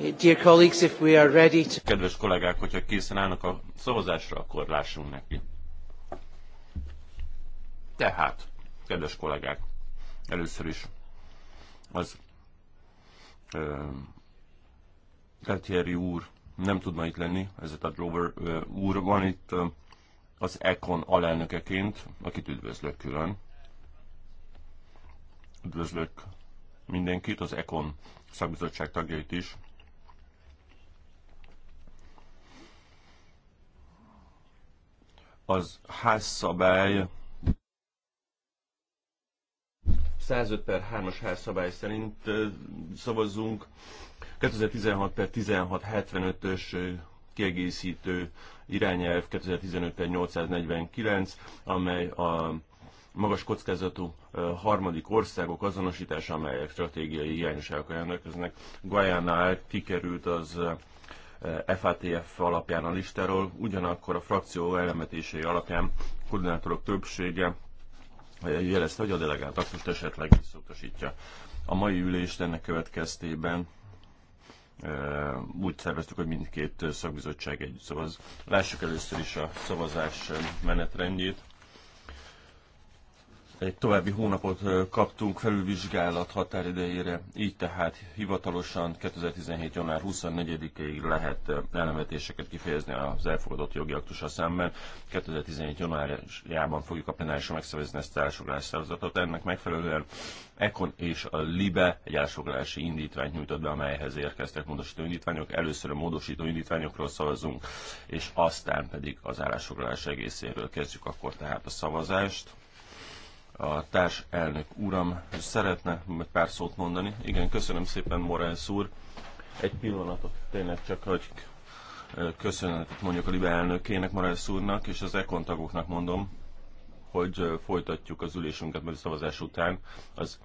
Eh, kedves kollégák, hogyha készen állnak a szavazásra, akkor lássunk neki. Tehát, kedves kollégák, először is az uh, úr nem tud itt lenni, ez a Glover úr van itt az Econ alelnökeként, akit üdvözlök külön. Üdvözlök mindenkit, az Econ szakbizottság tagjait is, az házszabály 105 per 3-as házszabály szerint szavazzunk. 2016 per 1675-ös kiegészítő irányelv 2015 per 849, amely a magas kockázatú harmadik országok azonosítása, amelyek stratégiai hiányosságokkal rendelkeznek. Guyanál kikerült az FATF alapján a listáról, ugyanakkor a frakció elemetései alapján a koordinátorok többsége eh, jelezte, hogy a delegált aktust esetleg visszautasítja. A mai ülést ennek következtében eh, úgy szerveztük, hogy mindkét szakbizottság együtt szavaz. Lássuk először is a szavazás eh, menetrendjét egy további hónapot kaptunk felülvizsgálat határidejére, így tehát hivatalosan 2017. január 24-ig lehet elemetéseket kifejezni az elfogadott jogi aktusa szemben. 2017. januárjában fogjuk a plenárisra megszervezni ezt az állásfoglalás Ennek megfelelően Econ és a LIBE egy állásfoglalási indítványt nyújtott be, amelyhez érkeztek módosító indítványok. Először a módosító indítványokról szavazunk, és aztán pedig az állásfoglalás egészéről kezdjük akkor tehát a szavazást a társ elnök úram szeretne pár szót mondani. Igen, köszönöm szépen, Morales úr. Egy pillanatot tényleg csak, hogy köszönetet mondjuk a Libe elnökének, Morales úrnak, és az EKON tagoknak mondom, hogy folytatjuk az ülésünket, mert a szavazás után az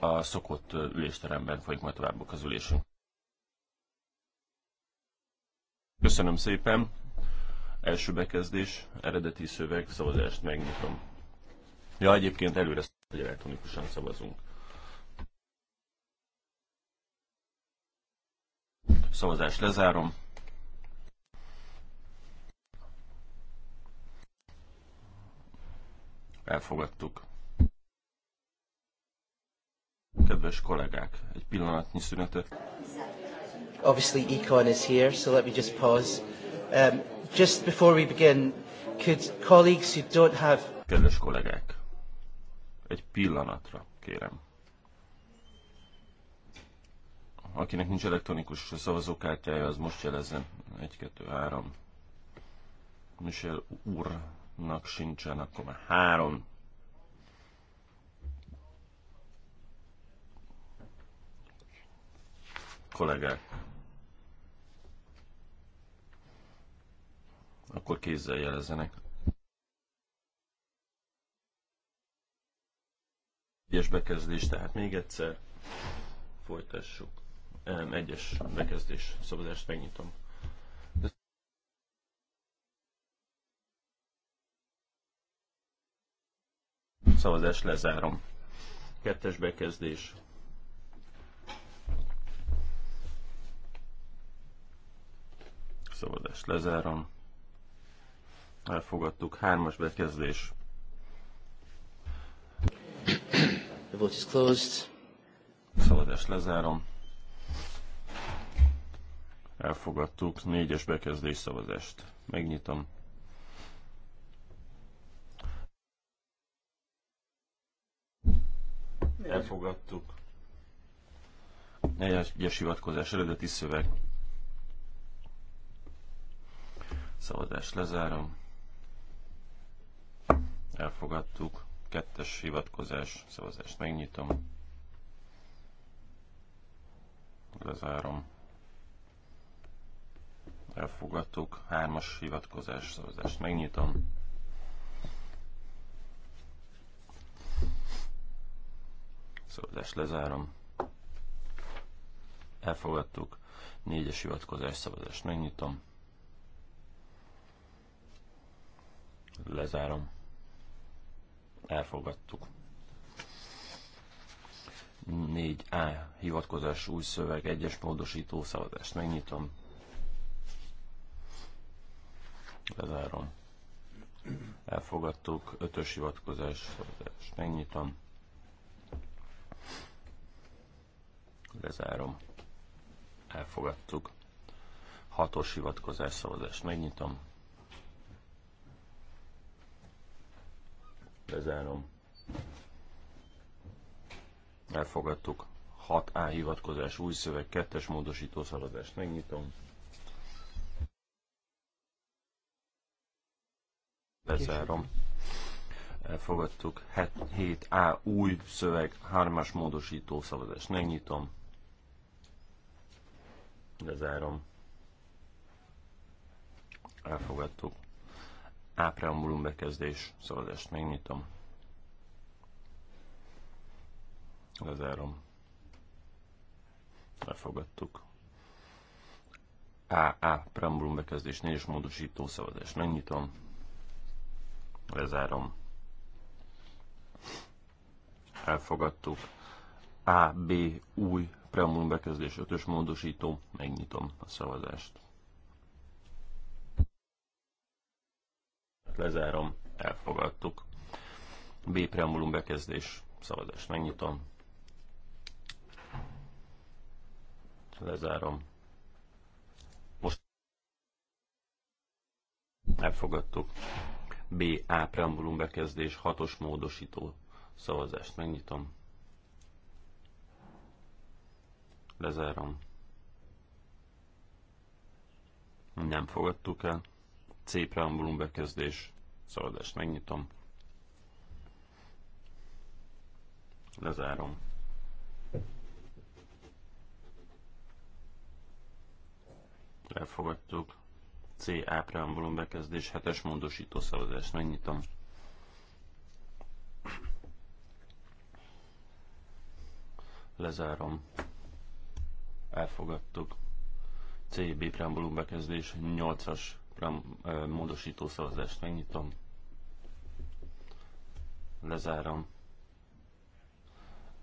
a szokott ülésteremben folyik majd tovább az ülésünk. Köszönöm szépen! Első bekezdés, eredeti szöveg, szavazást megnyitom. Ja, egyébként előre hogy elektronikusan szavazunk. Szavazást lezárom. Elfogadtuk. Kedves kollégák, egy pillanatnyi szünetet. Obviously Econ is here, so let me just pause. Um, Just before we begin, could colleagues who don't have... Kedves kollégák, egy pillanatra kérem. Akinek nincs elektronikus szavazókártyája, az most jelezzen. 1, 2, 3. Michel úrnak sincsen, akkor már 3. Kollégák, kézzel jelezzenek. Egyes bekezdés, tehát még egyszer folytassuk. Egyes bekezdés szavazást megnyitom. Szavazás lezárom. Kettes bekezdés. Szavazást lezárom. Elfogadtuk. Hármas bekezdés. The vote is closed. Szavazást lezárom. Elfogadtuk. Négyes bekezdés szavazást. Megnyitom. Elfogadtuk. Egyes hivatkozás eredeti szöveg. Szavazást lezárom elfogadtuk. Kettes hivatkozás, szavazást megnyitom. Lezárom. Elfogadtuk. Hármas hivatkozás, szavazást megnyitom. Szavazást lezárom. Elfogadtuk. Négyes hivatkozás, szavazást megnyitom. Lezárom elfogadtuk. 4A hivatkozás új szöveg, egyes módosító szavazást megnyitom. Lezárom. Elfogadtuk, ötös hivatkozás szavazást megnyitom. Lezárom. Elfogadtuk. Hatos hivatkozás szavazást megnyitom. Lezárom. Elfogadtuk. 6A hivatkozás új szöveg, 2-es módosító szaladást megnyitom. Lezárom. Elfogadtuk. 7A új szöveg, 3-as módosító szaladást megnyitom. Lezárom. Elfogadtuk ápreambulum bekezdés szavazást megnyitom. Lezárom. Elfogadtuk. AA preambulum bekezdés négyes módosító szavazás. megnyitom. Lezárom. Elfogadtuk. AB új preambulum bekezdés ötös módosító. Megnyitom a szavazást. lezárom, elfogadtuk. B preambulum bekezdés, szavazást megnyitom. Lezárom. Most elfogadtuk. B A preambulum bekezdés, hatos módosító szavazást megnyitom. Lezárom. Nem fogadtuk el. C preambulum bekezdés. Szavazást megnyitom. Lezárom. Elfogadtuk. C A preambulum bekezdés. Hetes módosító szavazást megnyitom. Lezárom. Elfogadtuk. C B preambulum bekezdés. 8-as program módosító szavazást megnyitom. Lezárom.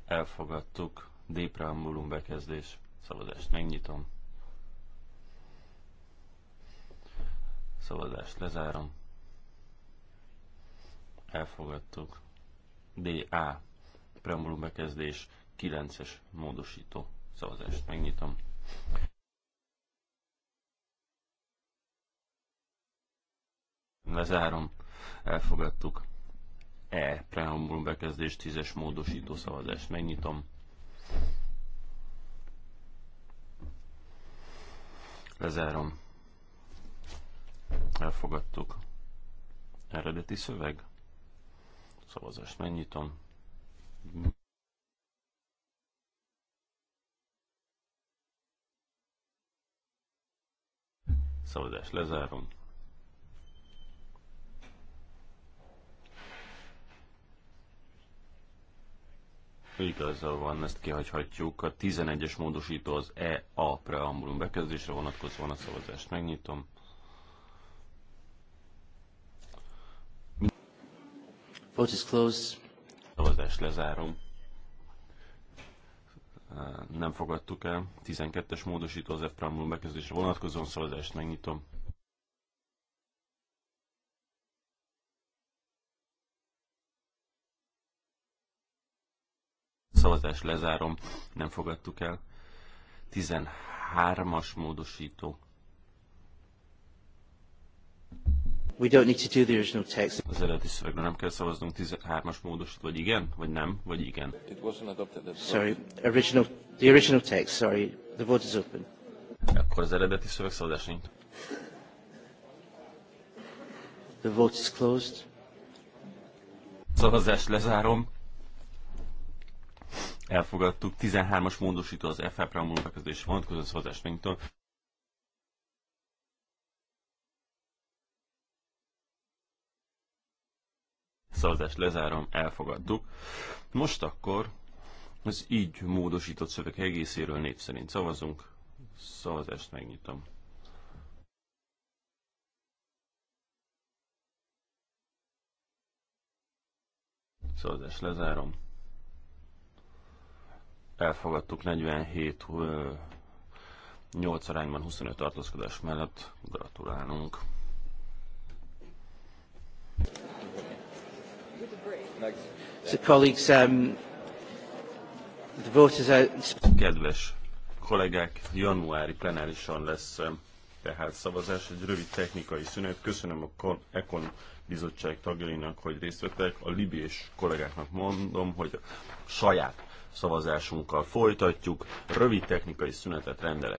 Elfogadtuk. D preambulum bekezdés. Szavazást megnyitom. Szavazást lezárom. Elfogadtuk. DA preambulum bekezdés 9-es módosító szavazást megnyitom. Lezárom. Elfogadtuk. E. Preambul bekezdés 10-es módosító szavazást. Megnyitom. Lezárom. Elfogadtuk. Eredeti szöveg. Szavazást megnyitom. Szavazást lezárom. igaza van, ezt kihagyhatjuk. A 11-es módosító az EA preambulum bekezdésre vonatkozóan a szavazást megnyitom. Vote is closed. Szavazást lezárom. Nem fogadtuk el. 12-es módosító az F e preambulum bekezdésre vonatkozóan szavazást megnyitom. szavazás lezárom, nem fogadtuk el. 13-as módosító. We don't need to do the original text. Az eredeti szövegben nem kell szavaznunk 13-as módosít, vagy igen, vagy nem, vagy igen. It wasn't adopted. Sorry, original, the original text, sorry, the vote is open. Akkor az eredeti szöveg szavazás nincs. The vote is closed. Szavazást lezárom elfogadtuk. 13-as módosító az FF preambulum bekezdés vonatkozó szavazás Szavazást lezárom, elfogadtuk. Most akkor az így módosított szöveg egészéről név szerint szavazunk. Szavazást megnyitom. Szavazást lezárom elfogadtuk 47 8 arányban 25 tartózkodás mellett. Gratulálunk! So colleagues, um, the voters is Kedves kollégák, januári plenárison lesz tehát szavazás, egy rövid technikai szünet. Köszönöm a Econ bizottság tagjainak, hogy részt vettek. A libés kollégáknak mondom, hogy a saját szavazásunkkal folytatjuk. Rövid technikai szünetet rendelek.